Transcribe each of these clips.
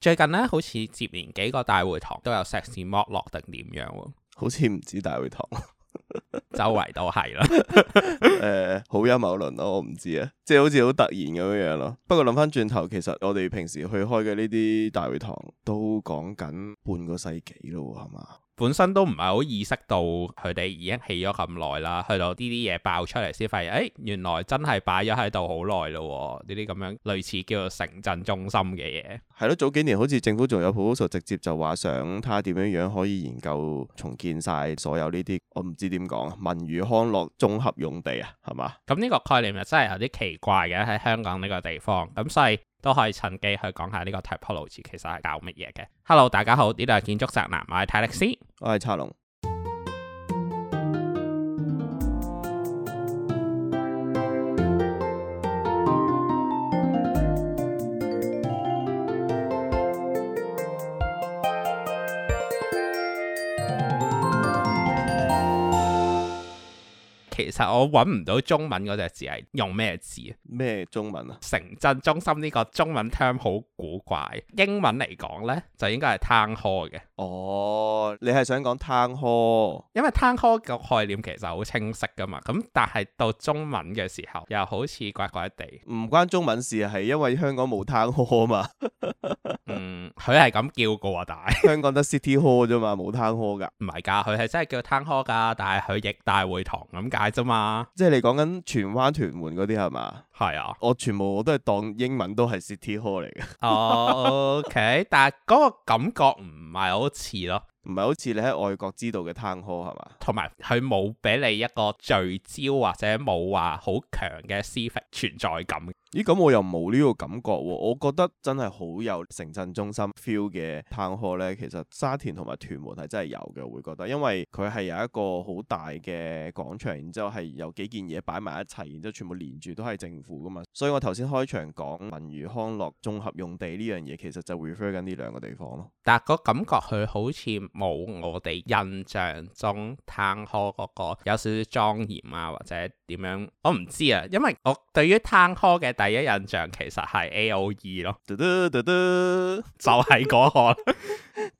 最近咧，好似接連幾個大會堂都有石屎剝落定點樣？好似唔止大會堂， 周圍都係啦。誒，好有陰謀論咯，我唔知啊。即係好似好突然咁樣樣咯。不過諗翻轉頭，其實我哋平時去開嘅呢啲大會堂，都講緊半個世紀咯，係嘛？本身都唔係好意識到佢哋已經起咗咁耐啦，去到呢啲嘢爆出嚟先發現，誒、哎、原來真係擺咗喺度好耐咯，呢啲咁樣類似叫做城鎮中心嘅嘢。係咯，早幾年好似政府仲有 proposal 直接就話想睇下點樣樣可以研究重建晒所有呢啲，我唔知點講啊，文娛康樂綜合用地啊，係嘛？咁呢個概念又真係有啲奇怪嘅喺香港呢個地方，咁所以。都可以趁機去講下呢個 typology 其實係搞乜嘢嘅。Hello，大家好，呢度係建築宅男，我係泰勒斯，我係茶龍。其實我揾唔到中文嗰隻字係用咩字？咩中文啊？城鎮中心呢個中文 term 好古怪。英文嚟講呢，就應該係 town hall 嘅。哦，你係想講 town hall？因為 town hall 嘅概念其實好清晰噶嘛。咁但係到中文嘅時候，又好似怪怪地。唔關中文事，係因為香港冇 town hall 啊嘛。 嗯，佢係咁叫過啊，但係。香港得 city hall 啫嘛，冇 town hall 噶。唔係㗎，佢係真係叫 town hall 㗎，但係佢譯大會堂咁解。啫嘛， 即係你講緊荃灣、屯門嗰啲係嘛？係啊，我全部我都係當英文都係 City Hall 嚟嘅。OK， 但係嗰個感覺唔係好似咯，唔係好似你喺外國知道嘅 Town Hall 係嘛？同埋佢冇俾你一個聚焦或者冇話好強嘅 Civic 存在感。咦咁我又冇呢個感覺喎，我覺得真係好有城鎮中心 feel 嘅 town hall 呢，其實沙田同埋屯門係真係有嘅，我會覺得，因為佢係有一個好大嘅廣場，然之後係有幾件嘢擺埋一齊，然之後全部連住都係政府噶嘛，所以我頭先開場講文娛康樂綜合用地呢樣嘢，其實就 refer 緊呢兩個地方咯。但個感覺佢好似冇我哋印象中 town hall 嗰個有少少莊嚴啊，或者點樣？我唔知啊，因為我對於 town hall 嘅。第一印象其實係 A O E 咯就，就係嗰個，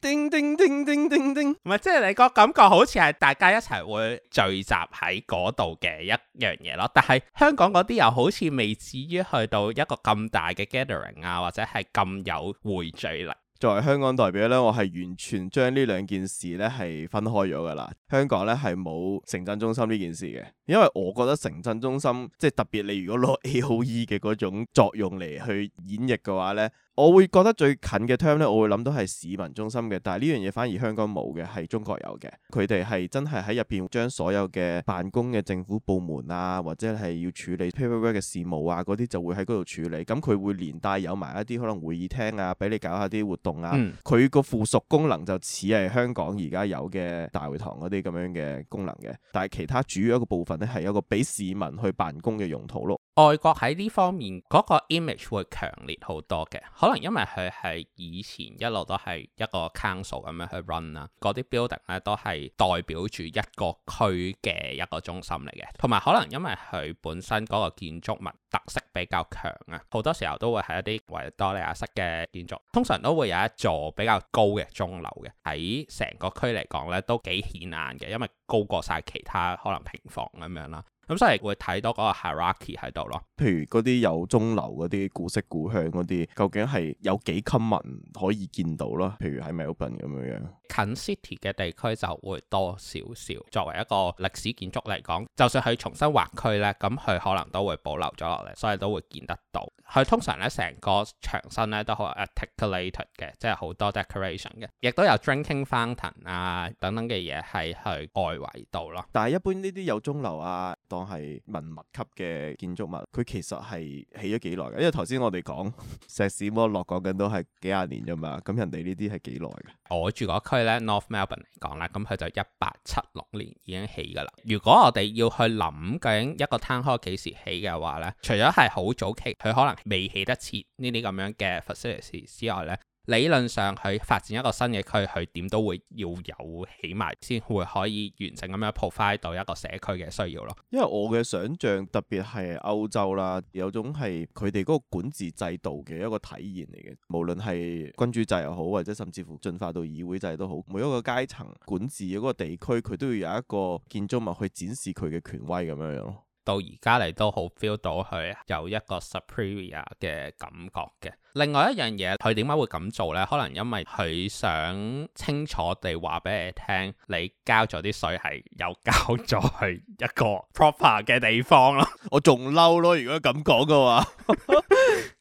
叮叮叮叮叮，唔係，即係你個感覺好似係大家一齊會聚集喺嗰度嘅一樣嘢咯。但係香港嗰啲又好似未至於去到一個咁大嘅 gathering 啊，或者係咁有匯聚力。作為香港代表呢，我係完全將呢兩件事呢係分開咗噶啦。香港咧係冇城鎮中心呢件事嘅，因為我覺得城鎮中心即係特別，你如，如果攞 A.O.E. 嘅嗰種作用嚟去演繹嘅話咧，我會覺得最近嘅 term 咧，我會諗到係市民中心嘅。但係呢樣嘢反而香港冇嘅，係中國有嘅。佢哋係真係喺入邊將所有嘅辦公嘅政府部門啊，或者係要處理 paperwork 嘅事務啊嗰啲就會喺嗰度處理。咁佢會連帶有埋一啲可能會議廳啊，俾你搞下啲活動啊。佢個、嗯、附屬功能就似係香港而家有嘅大會堂嗰啲。咁樣嘅功能嘅，但係其他主要一個部分咧，係有個俾市民去辦公嘅用途咯。外國喺呢方面嗰個 image 會強烈好多嘅，可能因為佢係以前一路都係一個 Council 咁樣去 run 啦，嗰啲 building 咧都係代表住一個區嘅一個中心嚟嘅，同埋可能因為佢本身嗰個建築物特色比較強啊，好多時候都會係一啲維多利亞式嘅建築，通常都會有一座比較高嘅鐘樓嘅，喺成個區嚟講咧都幾顯眼嘅，因為高過晒其他可能平房咁樣啦。咁、嗯、所以會睇到嗰個 Hierarchy 喺度咯，譬如嗰啲有鐘樓嗰啲古色古香嗰啲，究竟係有幾 common，可以見到咯？譬如喺 Melbourne 咁樣。近 city 嘅地區就會多少少，作為一個歷史建築嚟講，就算佢重新劃區咧，咁佢可能都會保留咗落嚟，所以都會見得到。佢通常咧，成個牆身咧都好 articulated 嘅，即係好多 decoration 嘅，亦都有 drinking fountain 啊等等嘅嘢係去外圍度咯。但係一般呢啲有鐘樓啊，當係文物級嘅建築物，佢其實係起咗幾耐嘅，因為頭先我哋講 石屎剝落講緊都係幾廿年啫嘛，咁人哋呢啲係幾耐嘅？我住嗰對咧，North Melbourne 嚟講啦，咁佢就一八七六年已經起㗎啦。如果我哋要去諗緊一個攤開幾時起嘅話咧，除咗係好早期，佢可能未起得切呢啲咁樣嘅 facilities 之外咧。理論上，佢發展一個新嘅區，佢點都會要有起埋，先會可以完整咁樣 provide 到一個社區嘅需要咯。因為我嘅想像，特別係歐洲啦，有種係佢哋嗰個管治制度嘅一個體現嚟嘅。無論係君主制又好，或者甚至乎進化到議會制都好，每一個階層管治嗰個地區，佢都要有一個建築物去展示佢嘅權威咁樣樣咯。到而家嚟都好 feel 到佢有一個 superior 嘅感覺嘅。另外一樣嘢，佢點解會咁做呢？可能因為佢想清楚地話俾你聽，你交咗啲稅係有交咗去一個 proper 嘅地方咯。我仲嬲咯，如果咁講嘅話，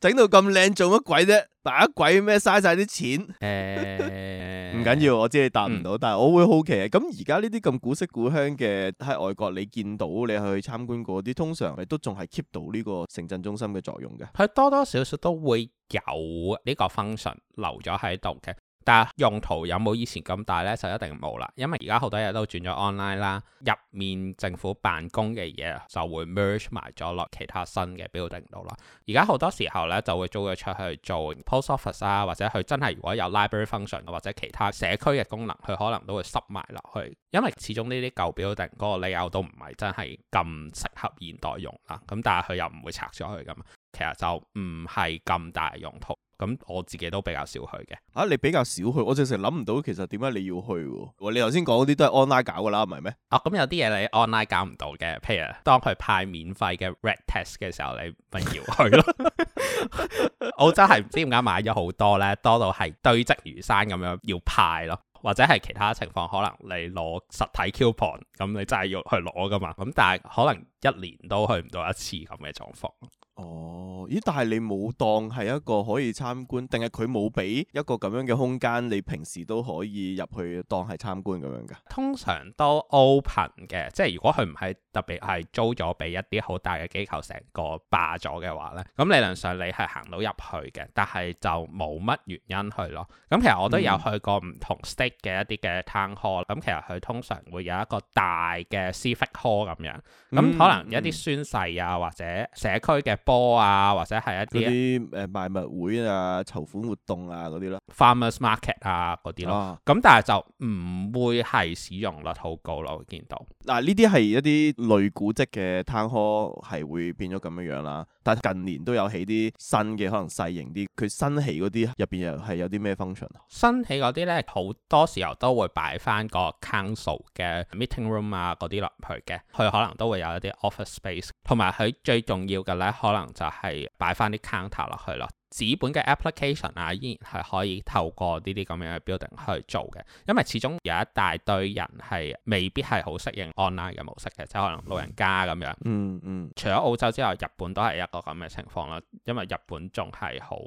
整到咁靚做乜鬼啫？打鬼咩？嘥晒啲錢。誒，唔緊要，我知你答唔到，但係我會好奇啊。咁而家呢啲咁古色古香嘅喺外國，你見到你去參觀過啲，通常你都仲係 keep 到呢個城鎮中心嘅作用嘅。係多多少少都會。有呢個 function 留咗喺度嘅，但係用途有冇以前咁大咧？就一定冇啦，因為而家好多嘢都轉咗 online 啦，入面政府辦公嘅嘢就會 merge 埋咗落其他新嘅 building 度啦。而家好多時候咧就會租佢出去做 post office 啊，或者佢真係如果有 library function 或者其他社區嘅功能，佢可能都會塞埋落去，因為始終呢啲 building 嗰個理由都唔係真係咁適合現代用啦。咁但係佢又唔會拆咗佢噶嘛。其實就唔係咁大用途，咁我自己都比較少去嘅。啊，你比較少去，我直情諗唔到，其實點解你要去？喂，你頭先講啲都係 online 搞噶啦，唔係咩？啊、哦、咁、嗯、有啲嘢你 online 搞唔到嘅，譬如當佢派免費嘅 red test 嘅時候，你咪要去咯。我真係唔知點解買咗好多咧，多到係堆積如山咁樣要派咯。或者係其他情況，可能你攞實體 coupon，咁你真係要去攞㗎嘛？咁但係可能一年都去唔到一次咁嘅狀況。哦，咦？但係你冇當係一個可以參觀，定係佢冇俾一個咁樣嘅空間，你平時都可以入去當係參觀咁樣㗎？通常都 open 嘅，即係如果佢唔係。特別係租咗俾一啲好大嘅機構，成個霸咗嘅話咧，咁理論上你係行到入去嘅，但係就冇乜原因去咯。咁其實我都有去過唔同 state 嘅一啲嘅 town hall，咁其實佢通常會有一個大嘅 civic hall 咁樣，咁、嗯、可能有一啲宣誓啊，嗯、或者社區嘅波 a 啊，或者係一啲誒、呃、賣物會啊、籌款活動啊嗰啲咯，farmers market 啊嗰啲咯，咁、啊、但係就唔會係使用率好高咯，我見到嗱呢啲係一啲。類古蹟嘅攤舖係會變咗咁樣樣啦，但係近年都有起啲新嘅，可能細型啲。佢新起嗰啲入邊又係有啲咩 function？新起嗰啲咧，好多時候都會擺翻個 council 嘅 meeting room 啊，嗰啲落去嘅，佢可能都會有一啲 office space，同埋佢最重要嘅咧，可能就係擺翻啲 counter 落去咯。紙本嘅 application 啊，依然係可以透過呢啲咁樣嘅 building 去做嘅，因為始終有一大堆人係未必係好適應 online 嘅模式嘅，即係可能老人家咁樣。嗯嗯。嗯，除咗澳洲之外，日本都係一個咁嘅情況啦，因為日本仲係好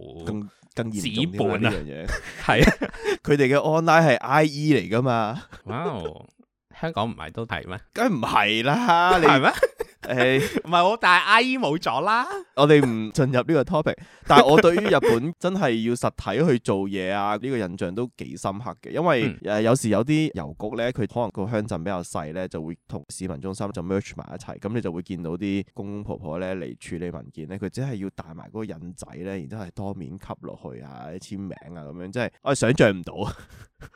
紙本啊，樣嘢係啊，佢哋嘅 online 係 IE 嚟㗎嘛。 Wow. 香港唔係都係咩？梗唔係啦， 你係咩？誒，唔係我， 但係阿姨冇咗啦。我哋唔進入呢個 topic，但係我對於日本真係要實體去做嘢啊，呢、這個印象都幾深刻嘅。因為誒、嗯呃、有時有啲郵局咧，佢可能個鄉鎮比較細咧，就會同市民中心就 merge 埋一齊，咁你就會見到啲公公婆婆咧嚟處理文件咧，佢真係要帶埋嗰個印仔咧，然之後係多面吸落去啊，簽名啊咁樣，樣，真係我哋想象唔到。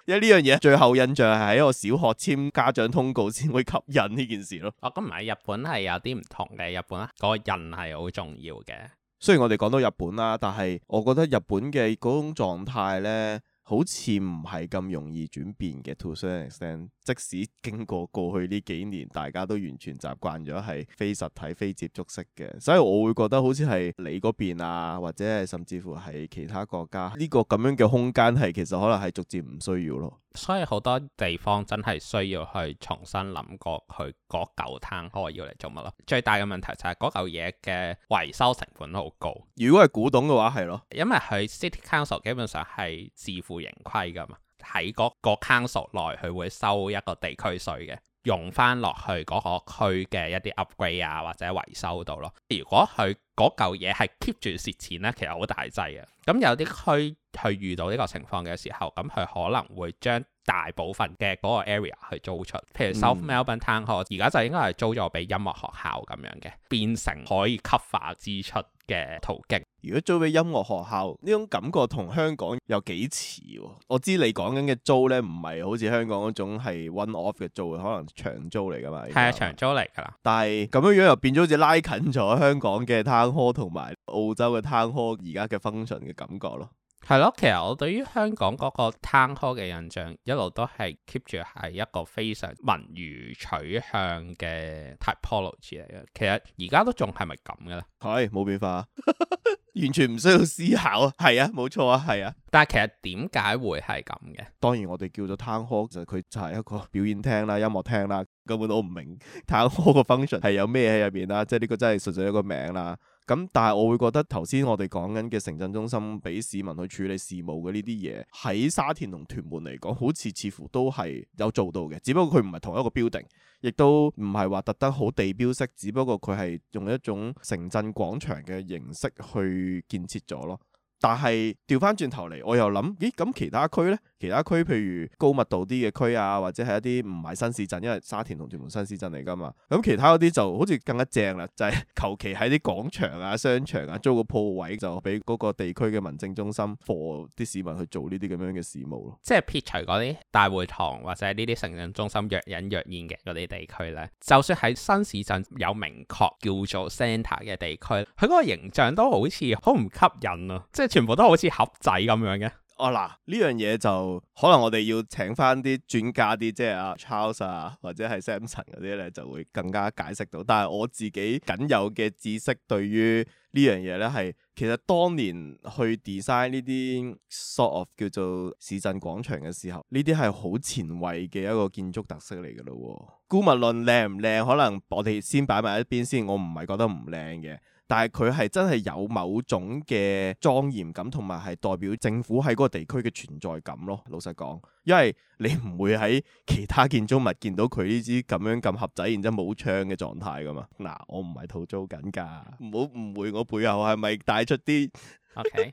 因為呢樣嘢，最後印象係喺我小學簽家。講通告先會吸引呢件事咯。哦，咁唔係，日本係有啲唔同嘅。日本啊，個人係好重要嘅。雖然我哋講到日本啦，但係我覺得日本嘅嗰種狀態咧，好似唔係咁容易轉變嘅。To some extent，即使經過過去呢幾年，大家都完全習慣咗係非實體、非接觸式嘅，所以我會覺得好似係你嗰邊啊，或者係甚至乎係其他國家呢、這個咁樣嘅空間係，其實可能係逐漸唔需要咯。所以好多地方真係需要去重新諗過，佢嗰嚿攤開要嚟做乜咯？最大嘅問題就係嗰嚿嘢嘅維修成本好高。如果係古董嘅話，係咯，因為佢 City Council 基本上係自負盈虧噶嘛，喺嗰個 Council 內佢會收一個地區稅嘅，用翻落去嗰個區嘅一啲 upgrade 啊或者維修度咯。如果佢嗰嚿嘢係 keep 住蝕錢咧，其實好大劑嘅。咁有啲區，去遇到呢個情況嘅時候，咁佢可能會將大部分嘅嗰個 area 去租出，譬如 South Melbourne Town Hall，而家、嗯、就應該係租咗俾音樂學校咁樣嘅，變成可以吸化支出嘅途徑。如果租俾音樂學校，呢種感覺同香港有幾似喎？我知你講緊嘅租咧，唔係好似香港嗰種係 one off 嘅租，可能長租嚟噶嘛？係啊，長租嚟噶啦。但係咁樣樣又變咗好似拉近咗香港嘅 town hall 同埋澳洲嘅 town hall 而家嘅 function 嘅感覺咯。係咯，其實我對於香港嗰個 Town Hall 嘅印象一路都係 keep 住係一個非常文娛取向嘅 typology 嚟嘅。其實而家都仲係咪咁嘅咧？係冇、哎、變化、啊哈哈哈哈，完全唔需要思考。係啊，冇錯啊，係啊。但係其實點解會係咁嘅？當然我哋叫咗 Town Hall 就佢就係一個表演廳啦、音樂廳啦，根本都唔明 Town Hall 個 function 係有咩喺入面啦。即係呢個真係純粹一個名啦。咁但係我會覺得頭先我哋講緊嘅城鎮中心俾市民去處理事務嘅呢啲嘢，喺沙田同屯門嚟講，好似似乎都係有做到嘅，只不過佢唔係同一個建築，亦都唔係話特登好地標式，只不過佢係用一種城鎮廣場嘅形式去建設咗咯。但係調翻轉頭嚟，我又諗咦咁其他區呢？其他區，譬如高密度啲嘅區啊，或者係一啲唔係新市鎮，因為沙田同屯門新市鎮嚟噶嘛。咁其他嗰啲就好似更加正啦，就係求其喺啲廣場啊、商場啊租個鋪位，就俾嗰個地區嘅民政中心 for 啲市民去做呢啲咁樣嘅事務咯。即係撇除嗰啲大會堂或者呢啲城鎮中心若隱若現嘅嗰啲地區咧，就算喺新市鎮有明確叫做 centre 嘅地區，佢嗰個形象都好似好唔吸引啊！即係全部都好似盒仔咁樣嘅。哦嗱，呢樣嘢就可能我哋要請翻啲專家啲，即係阿 Charles 啊，或者係 Samson 嗰啲咧，就會更加解釋到。但係我自己僅有嘅知識對於呢樣嘢咧，係其實當年去 design 呢啲 sort of 叫做市鎮廣場嘅時候，呢啲係好前衛嘅一個建築特色嚟㗎咯。姑勿論靚唔靚，可能我哋先擺埋一邊先。我唔係覺得唔靚嘅。但係佢係真係有某種嘅莊嚴感，同埋係代表政府喺嗰個地區嘅存在感咯。老實講，因為你唔會喺其他建築物見到佢呢支咁樣咁盒仔，然之後冇窗嘅狀態㗎嘛。嗱，我唔係套租緊㗎，唔好誤會我背後係咪帶出啲？OK，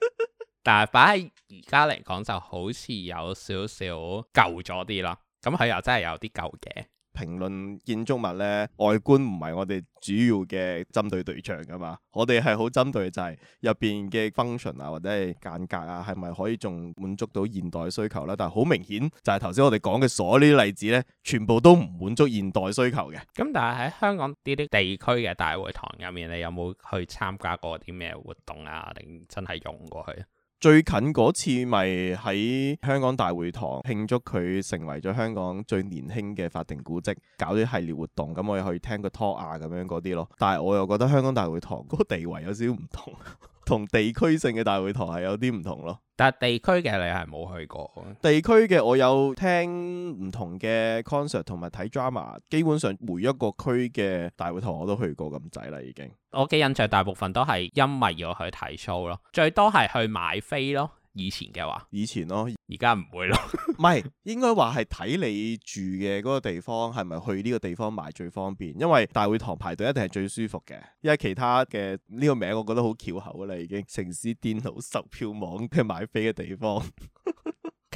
但係擺喺而家嚟講就好似有少少舊咗啲咯。咁佢又真係有啲舊嘅。評論建築物咧外觀唔係我哋主要嘅針對對象噶嘛，我哋係好針對就係入邊嘅 function 啊，或者係間隔啊係咪可以仲滿足到現代需求呢？但係好明顯就係頭先我哋講嘅所有呢啲例子咧，全部都唔滿足現代需求嘅。咁但係喺香港呢啲地區嘅大會堂入面，你有冇去參加過啲咩活動啊？定真係用過去？最近嗰次咪喺香港大會堂慶祝佢成為咗香港最年輕嘅法定古蹟搞啲系列活動，咁我可以聽個 talk 啊，咁樣嗰啲咯。但係我又覺得香港大會堂嗰個地位有少少唔同。 同地區性嘅大會堂係有啲唔同咯，但係地區嘅你係冇去過，地區嘅我有聽唔同嘅 concert 同埋睇 drama，基本上每一個區嘅大會堂我都去過咁滯啦，已經。我嘅印象大部分都係因為要去睇 show 咯，最多係去買飛咯。以前嘅話，以前咯，而家唔會咯，唔係，應該話係睇你住嘅嗰個地方係咪去呢個地方買最方便，因為大會堂排隊一定係最舒服嘅，因為其他嘅呢個名我覺得好翹口啦已經，城市電腦售票網嘅買飛嘅地方。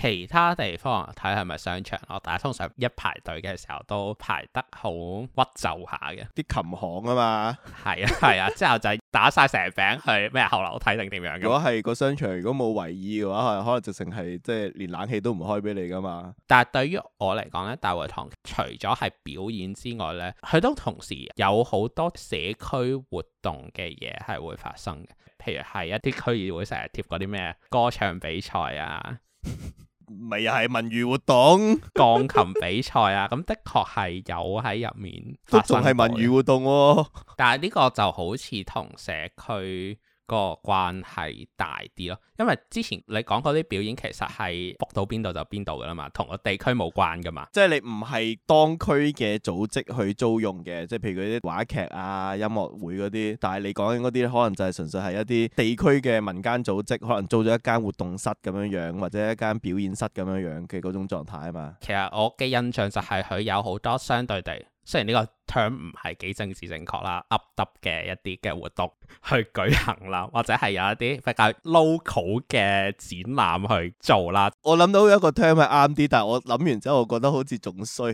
其他地方睇係咪商場咯，但係通常一排隊嘅時候都排得好屈就下嘅。啲琴行啊嘛，係 啊係啊，之後就係打晒成餅去咩後樓梯定點樣。如果係個商場，如果冇為意嘅話，可能直情係即係連冷氣都唔開俾你噶嘛。但係對於我嚟講咧，大會堂除咗係表演之外咧，佢都同時有好多社區活動嘅嘢係會發生嘅。譬如係一啲區議會成日貼嗰啲咩歌唱比賽啊。 咪又係文娛活動、鋼琴比賽啊！咁 的確係有喺入面，都仲係文娛活動啊。但係呢個就好似同社區。個關係大啲咯，因為之前你講嗰啲表演其實係復到邊度就邊度噶啦嘛，同個地區冇關噶嘛。即係你唔係當區嘅組織去租用嘅，即係譬如嗰啲話劇啊、音樂會嗰啲。但係你講緊嗰啲可能就係純粹係一啲地區嘅民間組織，可能租咗一間活動室咁樣樣，或者一間表演室咁樣樣嘅嗰種狀態啊嘛。其實我嘅印象就係佢有好多相對地，雖然呢個 term 唔係幾政治正確啦，up up 嘅一啲嘅活動去舉行啦，或者係有一啲比較 local 嘅展覽去做啦。我諗到一個 term 係啱啲，但係我諗完之後，我覺得好似仲衰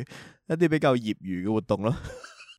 一啲比較業餘嘅活動咯。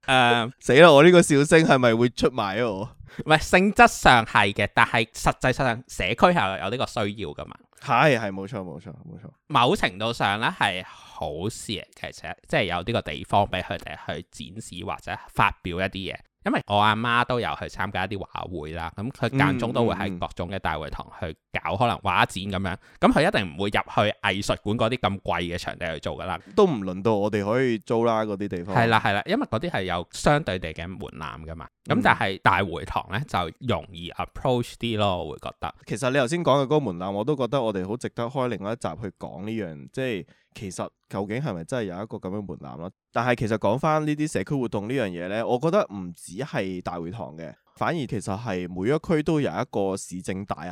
誒死啦！ uh, 我呢個笑聲係咪會出賣我？唔 係性質上係嘅，但係實際實上社區係有呢個需要噶嘛。係係冇錯冇錯冇錯，錯錯，某程度上咧係好事，其實即係、就是、有呢個地方俾佢哋去展示或者發表一啲嘢。因為我阿媽都有去參加一啲畫會啦，咁佢間中都會喺各種嘅大會堂去搞、嗯、可能畫展咁樣，咁佢一定唔會入去藝術館嗰啲咁貴嘅場地去做噶啦，都唔輪到我哋可以租啦嗰啲地方。係啦係啦，因為嗰啲係有相對地嘅門檻噶嘛，咁、嗯、但係大會堂呢，就容易 approach 啲咯，我會覺得。其實你頭先講嘅嗰個門檻，我都覺得我哋好值得開另外一集去講呢樣，即係。其實究竟係咪真係有一個咁樣門檻咯？但係其實講翻呢啲社區活動呢樣嘢咧，我覺得唔止係大會堂嘅。反而其實係每一區都有一個市政大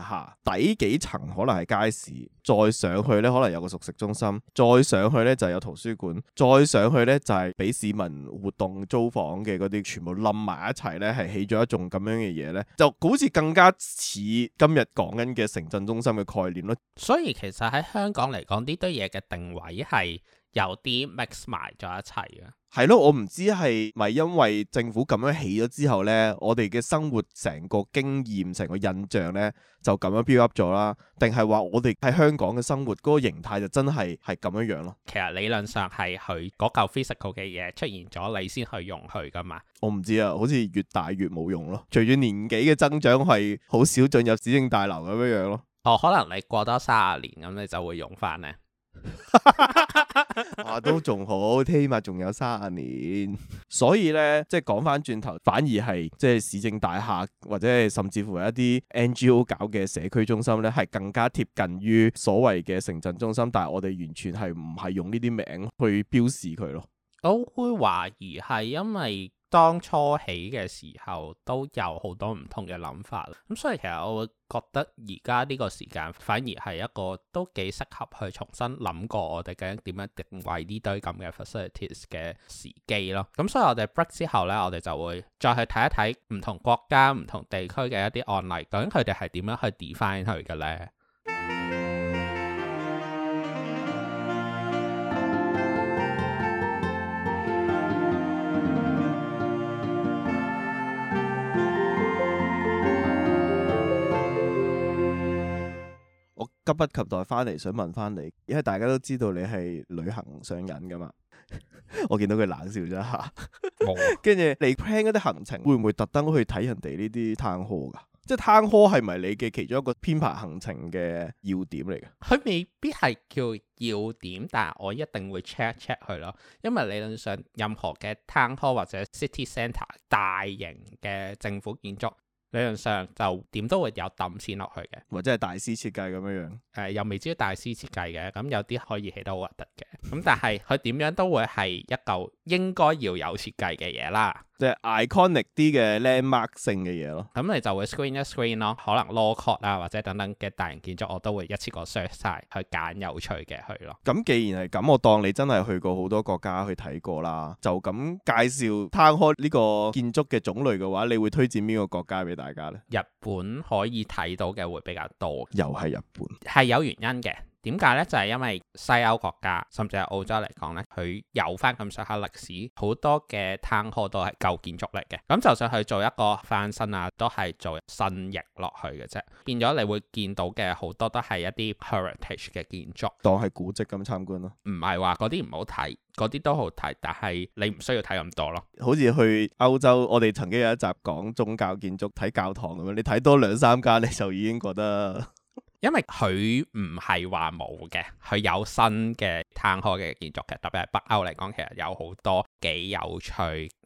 廈，底幾層可能係街市，再上去咧可能有個熟食中心，再上去咧就係有圖書館，再上去咧就係俾市民活動租房嘅嗰啲，全部冧埋一齊咧，係起咗一種咁樣嘅嘢咧，就好似更加似今日講緊嘅城鎮中心嘅概念咯。所以其實喺香港嚟講，呢堆嘢嘅定位係。有啲 mix 埋咗一齊嘅，係咯，我唔知係咪因為政府咁樣起咗之後呢，我哋嘅生活成個經驗、成個印象呢，就咁樣 build up 咗啦，定係話我哋喺香港嘅生活嗰個形態就真係係咁樣樣咯。其實理論上係佢嗰嚿 physical 嘅嘢出現咗，你先去用佢噶嘛。我唔知啊，好似越大越冇用咯。隨住年紀嘅增長，係好少進入市政大樓咁樣樣咯。哦，可能你過多三十年咁，你就會用翻呢。 啊，都仲好，起碼仲有三十年。 所以呢，即係講翻轉頭，反而係即係市政大廈或者係甚至乎一啲 NGO 搞嘅社區中心呢，係更加貼近於所謂嘅城鎮中心，但係我哋完全係唔係用呢啲名去標示佢咯。我會懷疑係因為。當初起嘅時候都有好多唔同嘅諗法啦，咁所以其實我會覺得而家呢個時間反而係一個都幾適合去重新諗過我哋究竟點樣定位呢堆咁嘅 facilities 嘅時機咯。咁所以我哋 break 之後呢，我哋就會再去睇一睇唔同國家、唔同地區嘅一啲案例，究竟佢哋係點樣去 define 佢嘅呢？急不及待翻嚟想問翻你，因為大家都知道你係旅行上癮噶嘛。 我見到佢冷笑咗一下，跟 住、哦、你 plan 嗰啲行程會唔會特登去睇人哋呢啲 town hall 噶？ 即係 town hall 係咪你嘅其中一個編排行程嘅要點嚟嘅？佢 未必係叫要點，但係我一定會 check check 佢咯。因為理論上任何嘅 town hall 或者 city centre 大型嘅政府建築。理論上就點都會有抌錢落去嘅，或者係大師設計咁樣樣，誒、呃、又未知大師設計嘅，咁有啲可以起到好核突嘅，咁但係佢點樣都會係一嚿應該要有設計嘅嘢啦，即係 iconic 啲嘅 landmark 性嘅嘢咯，咁你就會 screen 一 screen 咯，可能 local 啊或者等等嘅大型建築，我都會一次過 search 晒去揀有趣嘅去咯。咁既然係咁，我當你真係去過好多國家去睇過啦，就咁介紹 Town Hall 呢個建築嘅種類嘅話，你會推薦邊個國家俾？大家咧，日本可以睇到嘅會比較多，又係日本係有原因嘅。點解呢？就係、是、因為西歐國家，甚至係澳洲嚟講呢，佢有翻咁上下歷史，好多嘅 townhall 都係舊建築嚟嘅。咁就算去做一個翻新啊，都係做新翼落去嘅啫。變咗你會見到嘅好多都係一啲 heritage 嘅建築，當係古跡咁參觀咯。唔係話嗰啲唔好睇，嗰啲都好睇，但係你唔需要睇咁多咯。好似去歐洲，我哋曾經有一集講宗教建築，睇教堂咁樣，你睇多兩三間，你就已經覺得。 因為佢唔係話冇嘅，佢有新嘅碳開嘅建築嘅，特別係北歐嚟講，其實有好多幾有趣、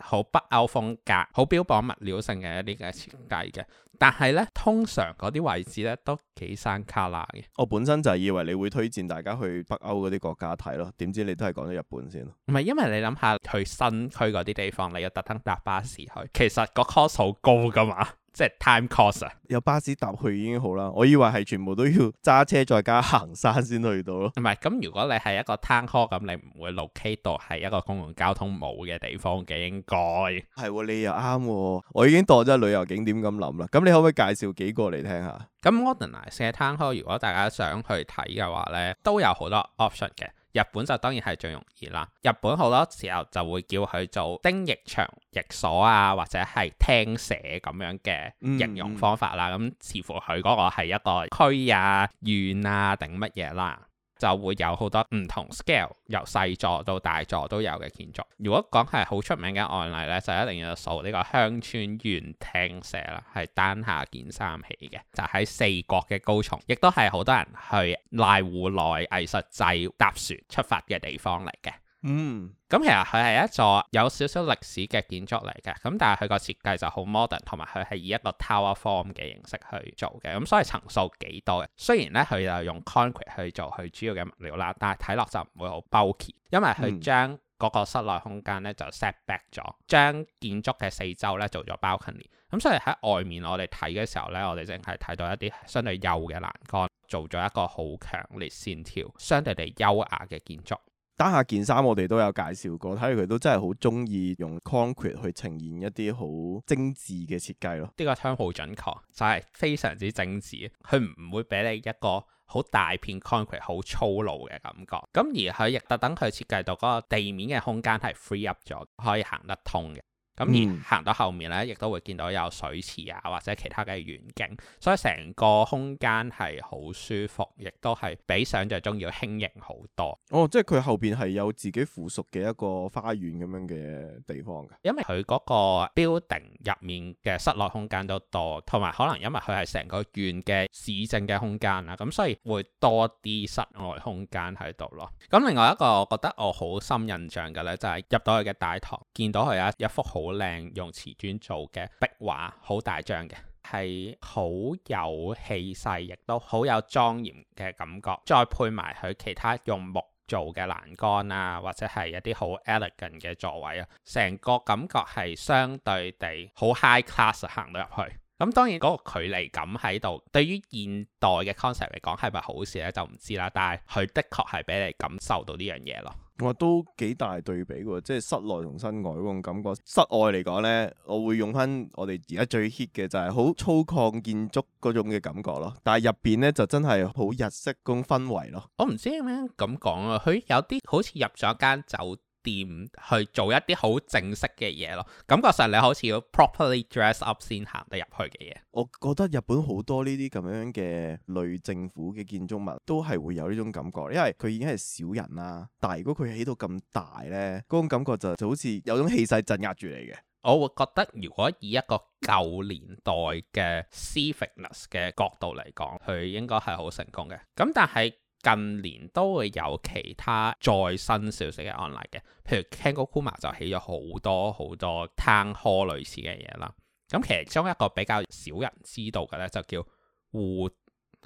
好北歐風格、好標榜物料性嘅一啲嘅設計嘅。但係呢，通常嗰啲位置呢都幾山卡拉嘅。我本身就係以為你會推薦大家去北歐嗰啲國家睇咯，點知你都係講咗日本先囉。唔係，因為你諗下去新區嗰啲地方，你要特登搭巴士去，其實個 cost 好高噶嘛。即係 time cost 啊，有巴士搭去已經好啦。我以為係全部都要揸車再加行山先去到咯。唔係，咁如果你係一個 t i m 咁你唔會六 K 度係一個公共交通冇嘅地方嘅，應該係、哦、你又啱、哦。我已經度咗旅遊景點咁諗啦。咁你可唔可以介紹幾個嚟聽下？咁 modern i m e c o s 如果大家想去睇嘅話咧，都有好多 option 嘅。日本就當然係最容易啦。日本好多時候就會叫佢做町役場、役所啊，或者係聽寫咁樣嘅形容方法啦。咁、嗯、似乎佢嗰個係一個區啊、縣啊定乜嘢啦。就會有好多唔同 scale，由細座到大座都有嘅建築。如果講係好出名嘅案例呢，就一定要數呢個香川縣廳舍啦，係丹下健三起嘅，就喺、是、四國嘅高松，亦都係好多人去瀨戶內藝術祭搭船出發嘅地方嚟嘅。嗯，咁其實佢係一座有少少歷史嘅建築嚟嘅，咁但係佢個設計就好 modern，同埋佢係以一個 tower form 嘅形式去做嘅，咁所以層數幾多嘅。雖然咧佢又用 concrete 去做佢主要嘅物料啦，但係睇落就唔會好 bulky，因為佢將嗰個室內空間咧就 set back 咗，將建築嘅四周咧做咗 balcony，咁所以喺外面我哋睇嘅時候咧，我哋淨係睇到一啲相對幼嘅欄杆，做咗一個好強烈線條、相對地優雅嘅建築。單下件衫我哋都有介紹過，睇嚟佢都真係好中意用 concrete 去呈現一啲好精緻嘅設計咯。呢個聽好準確，就係、是、非常之精緻，佢唔會俾你一個好大片 concrete 好粗魯嘅感覺。咁而佢亦特登佢設計到嗰個地面嘅空間係 free up 咗，可以行得通嘅。咁、嗯、而行到後面咧，亦都會見到有水池啊，或者其他嘅園景，所以成個空間係好舒服，亦都係比想像中要輕盈好多。哦，即係佢後邊係有自己附屬嘅一個花園咁樣嘅地方㗎。因為佢嗰個建築入面嘅室內空間都多，同埋可能因為佢係成個縣嘅市政嘅空間啦，咁所以會多啲室外空間喺度咯。咁另外一個我覺得我好深印象嘅咧，就係、是、入到去嘅大堂，見到佢有一幅好好靚，用瓷磚做嘅壁畫，好大張嘅，係好有氣勢，亦都好有莊嚴嘅感覺。再配埋佢其他用木做嘅欄杆啊，或者係一啲好 elegant 嘅座位啊，成個感覺係相對地好 high class 行到入去。咁當然嗰個距離感喺度，對於現代嘅 concept 嚟講係咪好事咧，就唔知啦。但係佢的確係俾你感受到呢樣嘢咯。我都幾大對比嘅，即係室內同室外嗰種感覺。室外嚟講咧，我會用翻我哋而家最 hit 嘅就係好粗獷建築嗰種嘅感覺咯。但係入邊咧，就真係好日式種氛圍咯。我唔知點解咁講啊，佢有啲好似入咗間酒店。點去做一啲好正式嘅嘢咯？感覺上你好似要 properly dress up 先行得入去嘅嘢。我覺得日本好多呢啲咁樣嘅類政府嘅建築物都係會有呢種感覺，因為佢已經係少人啦。但係如果佢起到咁大呢，嗰種感覺就好似有種氣勢鎮壓住你嘅。我會覺得如果以一個舊年代嘅 significance 嘅角度嚟講，佢應該係好成功嘅。咁但係近年都會有其他再新少少嘅案例嘅，譬如 Kengo Kuma 就起咗好多好多 town hall 類似嘅嘢啦。咁其中一個比較少人知道嘅咧，就叫互。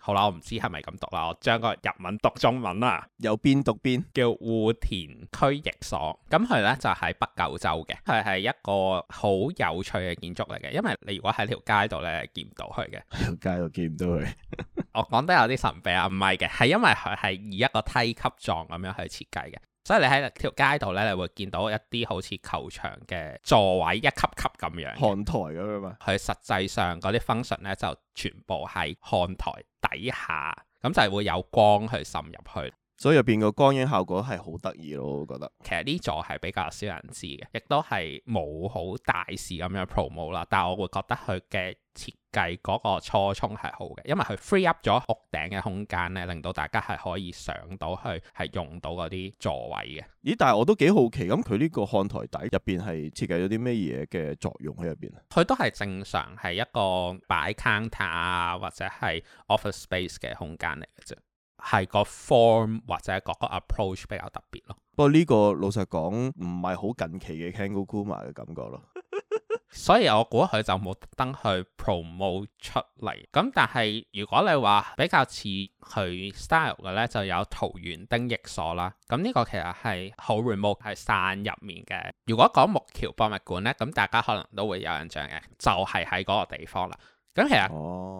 好啦，我唔知係咪咁讀啦，我將個日文讀中文啊，有邊讀邊叫戶田區役所，咁、嗯、佢呢就喺、是、北九州嘅，佢係一個好有趣嘅建築嚟嘅，因為你如果喺條街度呢，你見唔到佢嘅，條街度見唔到佢， 我講得有啲神秘啊，唔係嘅，係因為佢係以一個梯級狀咁樣去設計嘅。所以你喺條街度咧，你會見到一啲好似球場嘅座位一級級咁樣，看台咁啊嘛。佢實際上嗰啲 function 咧，就全部喺看台底下，咁就係會有光去滲入去。所以入邊個光影效果係好得意咯，我覺得。其實呢座係比較少人知嘅，亦都係冇好大事咁樣 promo 啦。但係我會覺得佢嘅設計嗰個初衷係好嘅，因為佢 free up 咗屋頂嘅空間咧，令到大家係可以上到去，係用到嗰啲座位嘅。咦？但係我都幾好奇，咁佢呢個看台底入邊係設計咗啲咩嘢嘅作用喺入邊啊？佢都係正常係一個擺 counter 啊，或者係 office space 嘅空間嚟嘅啫。係個 form 或者個 approach 比較特別咯。不過呢個老實講唔係好近期嘅 Kengo Kuma 嘅感覺咯。 所以我估佢就冇特登去 promote 出嚟。咁但係如果你話比較似佢 style 嘅呢，就有梼原町役所啦。咁呢個其實係好 remote 喺山入面嘅。如果講木橋博物館呢，咁大家可能都會有印象嘅，就係喺嗰個地方啦。咁其實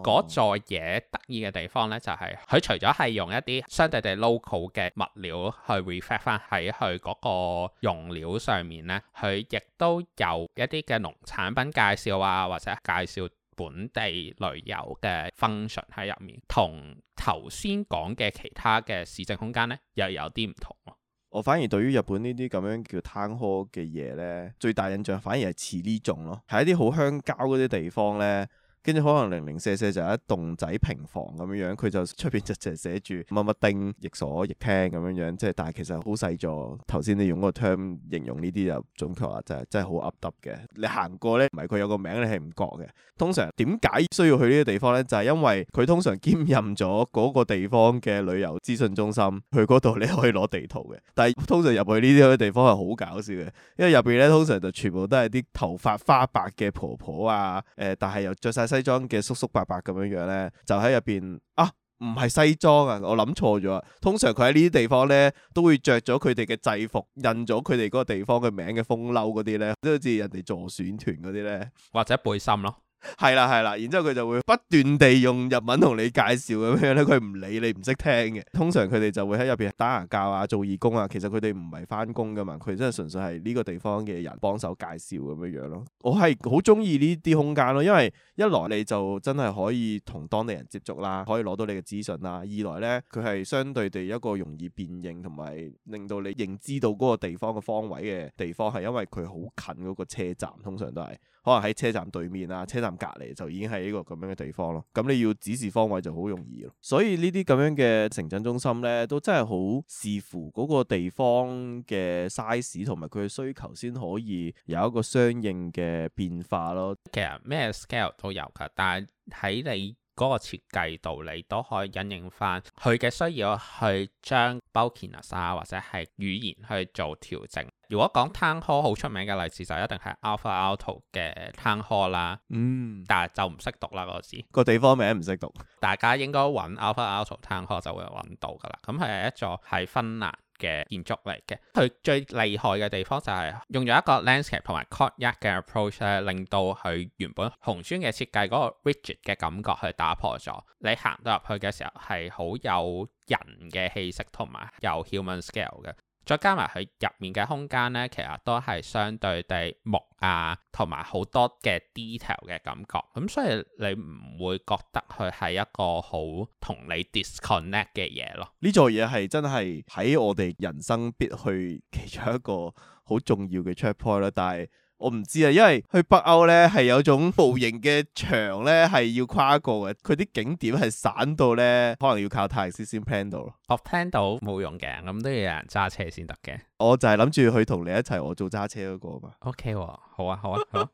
嗰座嘢得意嘅地方咧，就係佢除咗係用一啲相對地 local 嘅物料去 reflect 翻喺佢嗰個用料上面咧，佢亦都有一啲嘅農產品介紹啊，或者介紹本地旅遊嘅 function 喺入面，同頭先講嘅其他嘅市政空間咧又有啲唔同。我反而對於日本呢啲咁樣叫 town hall 嘅嘢咧，最大印象反而係似呢種咯，係一啲好鄉郊嗰啲地方咧。跟住可能零零四四，就一棟仔平房咁樣樣，佢就出邊直情寫住乜乜丁亦所、亦聽咁樣樣，即係但係其實好細咗。頭先你用嗰個 term 形容呢啲就準確啊，真係真係好 up 嘅。你行過咧，唔係佢有個名你係唔覺嘅。通常點解需要去呢啲地方咧？就係、是、因為佢通常兼任咗嗰個地方嘅旅遊資訊中心，去嗰度你可以攞地圖嘅。但係通常入去呢啲地方係好搞笑嘅，因為入邊咧通常就全部都係啲頭髮花白嘅婆婆啊，誒、呃，但係又着晒。西裝嘅叔叔伯伯咁樣樣咧，就喺入邊啊，唔係西裝啊，我諗錯咗。通常佢喺呢啲地方咧，都會着咗佢哋嘅制服，印咗佢哋嗰個地方嘅名嘅風褸嗰啲咧，都好似人哋助選團嗰啲咧，或者背心咯。係啦，係啦，然之後佢就會不斷地用日文同你介紹咁樣咧，佢唔理你唔識聽嘅。通常佢哋就會喺入邊打牙骹啊，做義工啊。其實佢哋唔係翻工噶嘛，佢真係純粹係呢個地方嘅人幫手介紹咁樣樣咯。我係好中意呢啲空間咯，因為一來你就真係可以同當地人接觸啦，可以攞到你嘅資訊啦；二來咧，佢係相對地一個容易辨認同埋令到你認知到嗰個地方嘅方位嘅地方，係因為佢好近嗰個車站，通常都係。可能喺車站對面啊，車站隔離就已經係一個咁樣嘅地方咯。咁你要指示方位就好容易咯。所以呢啲咁樣嘅城鎮中心咧，都真係好視乎嗰個地方嘅 size 同埋佢嘅需求，先可以有一個相應嘅變化咯。其實咩 scale 都有㗎，但係喺你嗰個設計道，你都可以因應返佢嘅需要去將 bulkiness 啊，或者係語言去做調整。如果講 Town Hall 好出名嘅例子，就一定係 Alvar Aalto 嘅 Town Hall 啦。嗯，但係就唔識讀啦、嗰個字，個地方名唔識讀。大家應該揾 Alvar Aalto Town Hall 就會揾到噶啦。咁、嗯、係一座喺芬蘭嘅建築嚟嘅，佢最厲害嘅地方就係用咗一個 landscape 同埋 courtyard 嘅 approach 咧，令到佢原本紅磚嘅設計嗰個 rigid 嘅感覺，去打破咗。你行到入去嘅時候，係好有人嘅氣息同埋有 human scale 嘅。再加埋佢入面嘅空間呢，其實都係相對地木啊，同埋好多嘅 detail 嘅感覺，咁所以你唔會覺得佢係一個好同你 disconnect 嘅嘢咯。呢座嘢係真係喺我哋人生必去其中一個好重要嘅 checkpoint 啦，但係。我唔知啊，因為去北歐呢係有種無形嘅牆呢係要跨過嘅，佢啲景點係散到呢，可能要靠泰師先 plan 到咯。我 plan 到冇用嘅，咁都要有人揸車先得嘅。我就係諗住去同你一齊，我做揸車嗰個嘛。OK，哦，好啊，好啊，好啊。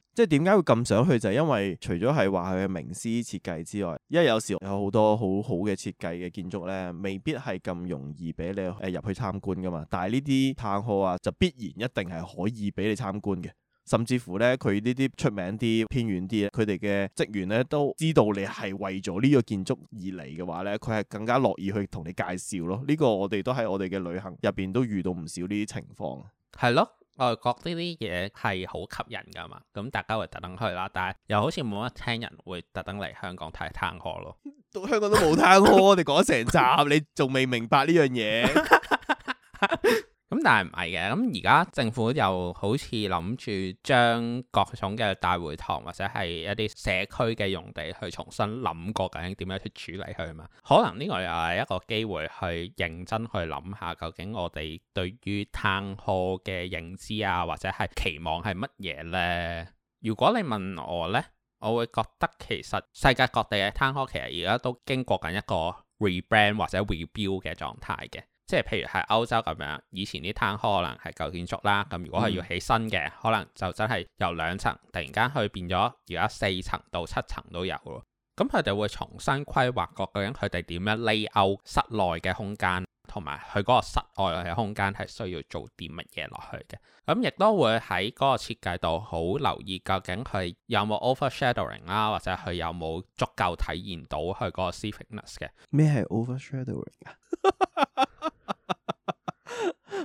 即係點解會咁想去就係、是、因為除咗係話佢嘅名師設計之外，因為有時候有好多好好多好好嘅設計嘅建築咧，未必係咁容易俾你誒入去參觀噶嘛。但係呢啲 Townhall 啊，就必然一定係可以俾你參觀嘅，甚至乎咧佢呢啲出名啲、偏遠啲，佢哋嘅職員咧都知道你係為咗呢個建築而嚟嘅話咧，佢係更加樂意去同你介紹咯。呢、呢個我哋都喺我哋嘅旅行入邊都遇到唔少呢啲情況。係咯。外國呢啲嘢係好吸引㗎嘛，咁大家會特登去啦，但係又好似冇乜聽人會特登嚟香港睇探科咯。到香港都冇探科，我哋講成集， 你仲未明白呢樣嘢？ 咁但係唔係嘅，咁而家政府又好似諗住將各種嘅大會堂或者係一啲社區嘅用地去重新諗過，究竟點樣去處理佢啊嘛？可能呢個又係一個機會去認真去諗下，究竟我哋對於 town hall 嘅認知啊，或者係期望係乜嘢呢？如果你問我呢，我會覺得其實世界各地嘅 town hall 其實而家都經過緊一個 rebrand 或者 rebuild 嘅狀態嘅。即係譬如喺歐洲咁樣，以前啲攤舖可能係舊建築啦。咁如果係要起新嘅，嗯、可能就真係由兩層突然間去變咗而家四層到七層都有咯。咁佢哋會重新規劃過，究竟佢哋點樣 layout 室內嘅空間，同埋佢嗰個室外嘅空間係需要做啲乜嘢落去嘅。咁亦都會喺嗰個設計度好留意，究竟佢有冇 overshadowing 啦、啊，或者佢有冇足夠體現到佢嗰個 sophisticated 嘅。咩係 overshadowing 啊？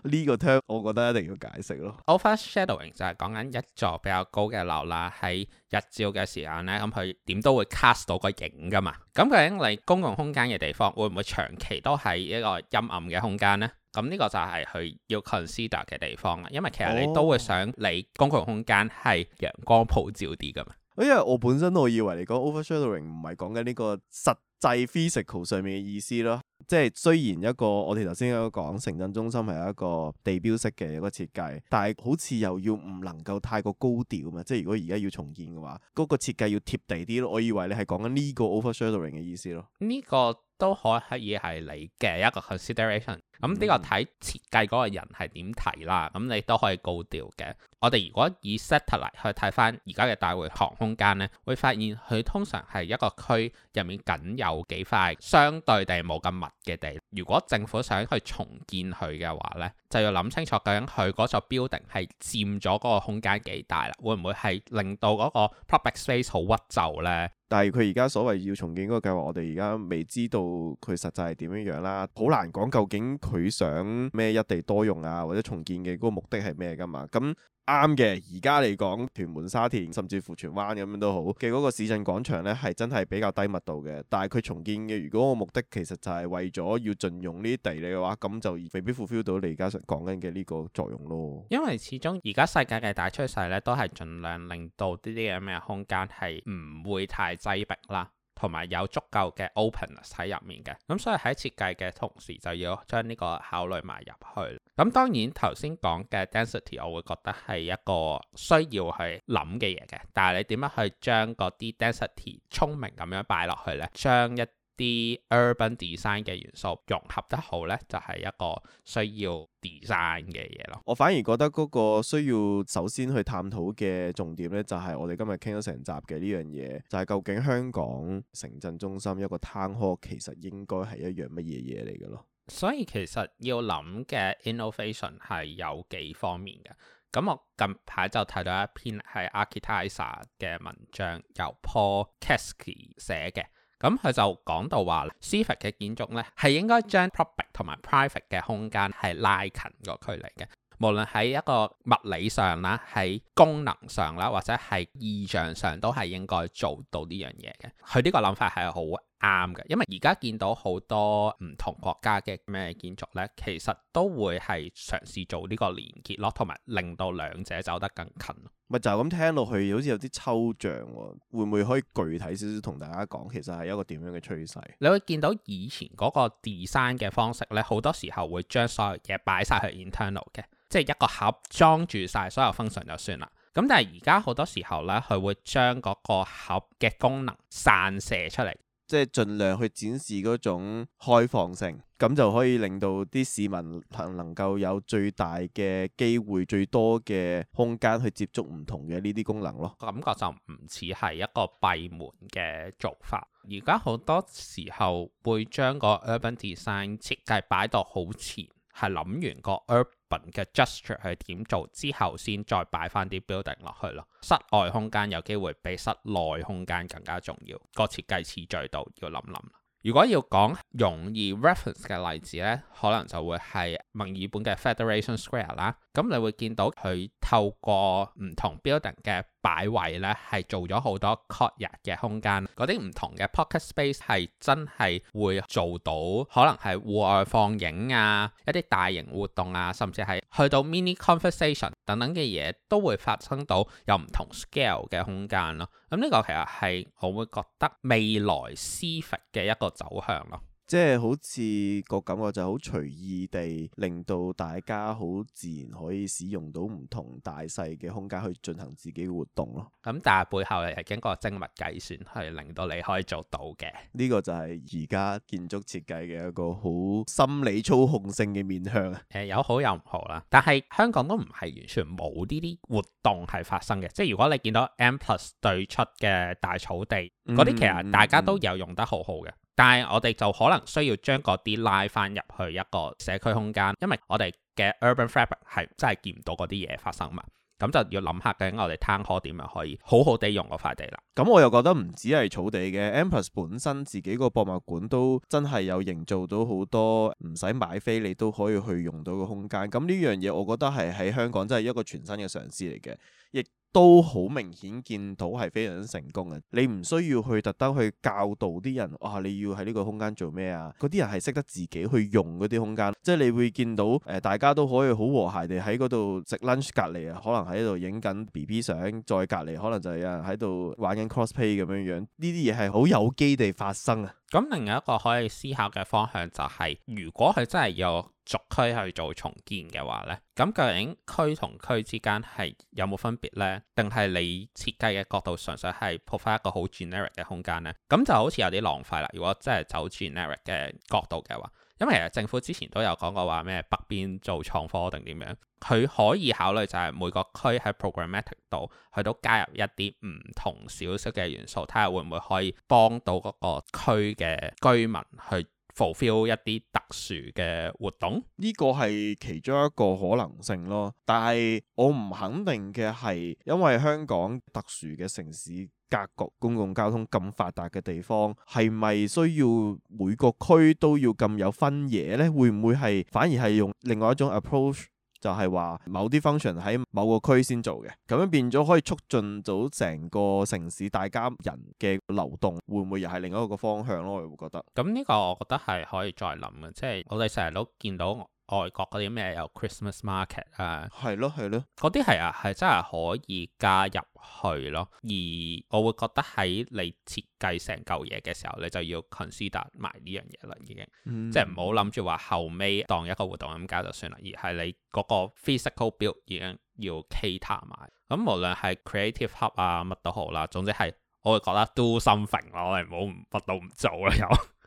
呢個 term 我覺得一定要解釋咯。Overshadowing 就係講緊一座比較高嘅樓啦，喺日照嘅時候咧，咁佢點都會 cast 到個影噶嘛。咁究竟你公共空間嘅地方，會唔會長期都係一個陰暗嘅空間咧？咁呢個就係佢要 consider 嘅地方啦。因為其實你都會想你公共空間係陽光普照啲噶嘛。因為我本身都以為你講，overshadowing 唔係講緊呢個實際 physical 上面嘅意思咯。即係雖然一個我哋頭先都講城鎮中心係一個地標式嘅一個設計，但係好似又要唔能夠太過高調啊嘛！即係如果而家要重建嘅話，嗰個設計要貼地啲咯。我以為你係講緊呢個 overshadowing 嘅意思咯。呢個都可以係你嘅一個 consideration。咁呢個睇設計嗰個人係點睇啦？咁你都可以高調嘅。我哋如果以 satellite 去睇翻而家嘅大會堂空間呢，會發現佢通常係一個區入面僅有幾塊相對地冇咁密嘅地。如果政府想去重建佢嘅話呢，就要諗清楚究竟佢嗰座 building 係佔咗嗰個空間幾大啦，會唔會係令到嗰個 public space 好屈就呢？但係佢而家所謂要重建嗰個計劃，我哋而家未知道佢實際係點樣樣啦，好難講究竟佢想咩一地多用啊，或者重建嘅嗰個目的係咩㗎嘛？咁。啱嘅，而家嚟講，屯門、沙田甚至乎荃灣咁樣都好嘅嗰個市鎮廣場咧，係真係比較低密度嘅。但係佢重建嘅，如果個目的其實就係為咗要盡用呢啲地咧嘅話，咁就未必 fulfill 到你而家講緊嘅呢個作用咯。因為始終而家世界嘅大趨勢咧，都係盡量令到呢啲咁嘅空間係唔會太擠迫啦，同埋有，有足夠嘅 openness 喺入面嘅。咁所以喺設計嘅同時，就要將呢個考慮埋入去。咁當然頭先講嘅 density，我會覺得係一個需要去諗嘅嘢嘅。但係你點樣去將嗰啲 density 聰明咁樣擺落去呢？將一啲 urban design 嘅元素融合得好呢，就係一個需要 design 嘅嘢咯。我反而覺得嗰個需要首先去探討嘅重點呢，就係我哋今日傾咗成集嘅呢樣嘢，就係究竟香港城鎮中心一個 town core 其實應該係一樣乜嘢嘢嚟嘅咯？所以其實要諗嘅 innovation 係有幾方面嘅。咁我近排就睇到一篇係 Architizer 嘅文章，由 Paul Kesky 寫嘅。咁佢就講到話，Civic 嘅建築咧係應該將 public 同埋 private 嘅空間係拉近個距離嘅。無論喺一個物理上啦，喺功能上啦，或者係意象上，都係應該做到呢樣嘢嘅。佢呢個諗法係好。啱嘅，因為而家見到好多唔同國家嘅咩建築咧，其實都會係嘗試做呢個連結咯，同埋令到兩者走得更近。咪就咁聽落去，好似有啲抽象喎、哦，會唔會可以具體少少同大家講，其實係一個點樣嘅趨勢？你會見到以前嗰個 design 嘅方式咧，好多時候會將所有嘢擺晒去 internal 嘅，即係一個盒裝住晒所有 function 就算啦。咁但係而家好多時候咧，佢會將嗰個盒嘅功能散射出嚟。即係盡量去展示嗰種開放性，咁就可以令到啲市民能能夠有最大嘅機會、最多嘅空間去接觸唔同嘅呢啲功能咯。感覺就唔似係一個閉門嘅做法。而家好多時候會將個 urban design 設計擺到好前，係諗完個嘅 gesture 去點做之後，先再擺翻啲 building 落去咯。室外空間有機會比室內空間更加重要，個設計次序度要諗諗。如果要講容易 reference 嘅例子呢，可能就會係墨爾本嘅 Federation Square 啦。咁你會見到佢透過唔同 building 嘅擺位咧，係做咗好多 courtyard 嘅空間。嗰啲唔同嘅 pocket space 係真係會做到，可能係戶外放映啊、一啲大型活動啊，甚至係去到 mini conversation 等等嘅嘢都會發生到有，有唔同 scale 嘅空間咯。咁呢個其實係我會覺得未來私宅嘅一個走向咯。即係好似個感覺就好隨意地，令到大家好自然可以使用到唔同大細嘅空間去進行自己活動咯。咁、嗯、但係背後係經過精密計算，係令到你可以做到嘅。呢個就係而家建築設計嘅一個好心理操控性嘅面向啊。誒、嗯，有好有唔好啦。但係香港都唔係完全冇呢啲活動係發生嘅。即係如果你見到 M+ 對出嘅大草地，嗰啲其實大家都有用得好好嘅。嗯嗯但係我哋就可能需要將嗰啲拉翻入去一個社區空間，因為我哋嘅 urban fabric 係真係見唔到嗰啲嘢發生嘛。咁就要諗下究竟我哋 town hall 點樣可以好好地用嗰塊地啦。咁、嗯、我又覺得唔止係草地嘅，Empress、嗯、本身自己個博物館都真係有營造到好多唔使買飛你都可以去用到嘅空間。咁呢樣嘢我覺得係喺香港真係一個全新嘅嘗試嚟嘅，亦。都好明顯見到係非常之成功嘅，你唔需要去特登去教導啲人，哇、哦！你要喺呢個空間做咩啊？嗰啲人係識得自己去用嗰啲空間，即係你會見到誒、呃，大家都可以好和諧地喺嗰度食 lunch，隔籬啊，可能喺度影緊 B B 相，再隔籬可能就係有人喺度玩緊 cosplay 咁樣樣，呢啲嘢係好有機地發生啊！咁另外一個可以思考嘅方向就係、是，如果佢真係有。逐區去做重建嘅話咧，咁究竟區同區之間係有冇分別咧？定係你設計嘅角度純粹係鋪翻一個好 generic 嘅空間咧？咁就好似有啲浪費啦。如果真係走 generic 嘅角度嘅話，因為其實政府之前都有講過話咩北邊做創科定點樣，佢可以考慮就係每個區喺 programmatic 度，佢都加入一啲唔同少少嘅元素，睇下會唔會可以幫到嗰個區嘅居民去。fulfill 一啲特殊嘅活動，呢個係其中一個可能性咯。但係我唔肯定嘅係，因為香港特殊嘅城市格局、公共交通咁發達嘅地方，係咪需要每個區都要咁有分野呢？會唔會係反而係用另外一種 approach？就係話某啲 function 喺某個區先做嘅，咁樣變咗可以促進到成個城市大家人嘅流動，會唔會又係另一個方向咯？我覺得。咁呢個我覺得係可以再諗嘅，即係我哋成日都見到。外國嗰啲咩有 Christmas market 啊，係咯係咯，嗰啲係啊係真係可以加入去咯。而我會覺得喺你設計成嚿嘢嘅時候，你就要 consider 埋呢樣嘢啦，已經，嗯、即係唔好諗住話後尾當一個活動咁搞就算啦，而係你嗰個 physical build 已經要 cater 埋。咁無論係 creative hub 啊乜都好啦，總之係我會覺得 do something 咯，唔好乜都唔做啦又。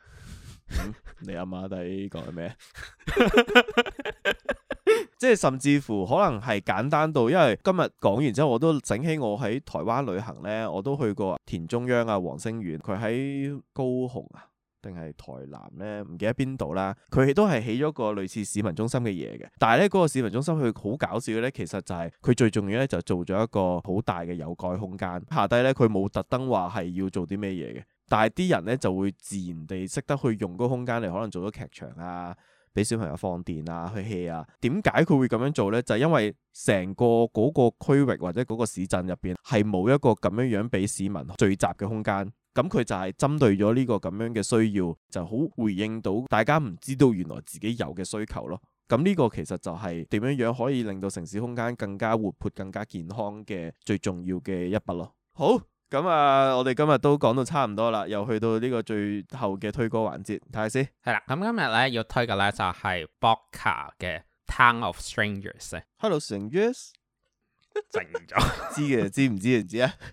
你阿媽底講咩？ 即係甚至乎可能係簡單到，因為今日講完之後，我都整起我喺台灣旅行呢。我都去過田中央啊，黃聲遠，佢喺高雄啊，定係台南呢？唔記得邊度啦。佢都係起咗個類似市民中心嘅嘢嘅，但係呢嗰，嗰個市民中心佢好搞笑嘅呢，其實就係佢最重要呢，就做咗一個好大嘅有蓋空間，下低呢，佢冇特登話係要做啲咩嘢嘅。但係啲人咧就會自然地識得去用嗰個空間，嚟，可能做咗劇場啊，俾小朋友放電啊，去 hea 啊。點解佢會咁樣做呢？就係因為成個嗰個區域或者嗰個市鎮入邊係冇一個咁樣樣俾市民聚集嘅空間。咁佢就係針對咗呢個咁樣嘅需要，就好回應到大家唔知道原來自己有嘅需求咯。咁呢個其實就係點樣樣可以令到城市空間更加活潑、更加健康嘅最重要嘅一筆咯。好。咁啊，我哋今日都講到差唔多啦，又去到呢個最後嘅推歌環節，睇下先。係啦，咁今日咧要推嘅咧就係、是、BOKKA、OK、嘅 Town of Strangers。Hello Strangers，靜咗，知嘅，知唔知唔知啊？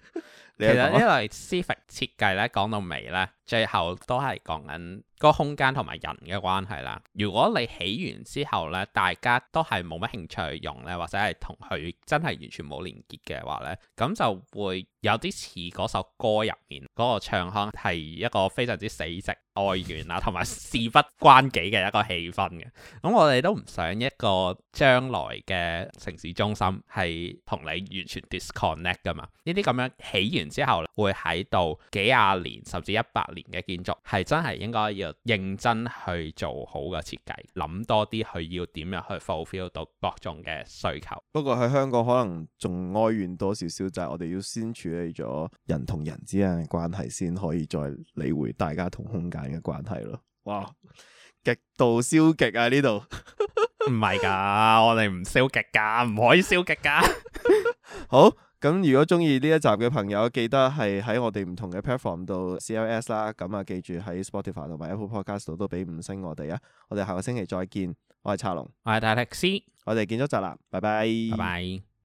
你其實類設計呢個係音樂設計咧，講到尾咧，最後都係講緊。個空間同埋人嘅關係啦，如果你起完之後咧，大家都係冇乜興趣去用咧，或者係同佢真係完全冇連結嘅話咧，咁就會有啲似首歌入面嗰個唱腔，係一個非常之死寂哀怨啊，同埋事不關己嘅一個氣氛嘅。咁我哋都唔想一個將來嘅城市中心係同你完全 disconnect 噶嘛。呢啲咁樣起完之後咧。會喺度幾廿年，甚至一百年嘅建築，係真係應該要認真去做好嘅設計，諗多啲去要點樣去 fulfill 到各種嘅需求。不過喺香港可能仲哀怨多少少，就係、是、我哋要先處理咗人同人之間嘅關係，先可以再理會大家同空間嘅關係咯。哇，極度消極啊呢度，唔係噶，我哋唔消極噶，唔可以消極噶， 好。咁如果中意呢一集嘅朋友，記得係喺我哋唔同嘅 platform 度 CLS 啦。咁啊，記住喺 Spotify 同埋 Apple Podcast 度都俾五星我哋啊！我哋下個星期再見。我係查龍，我係大迪斯，我哋見咗集啦，拜拜，拜拜。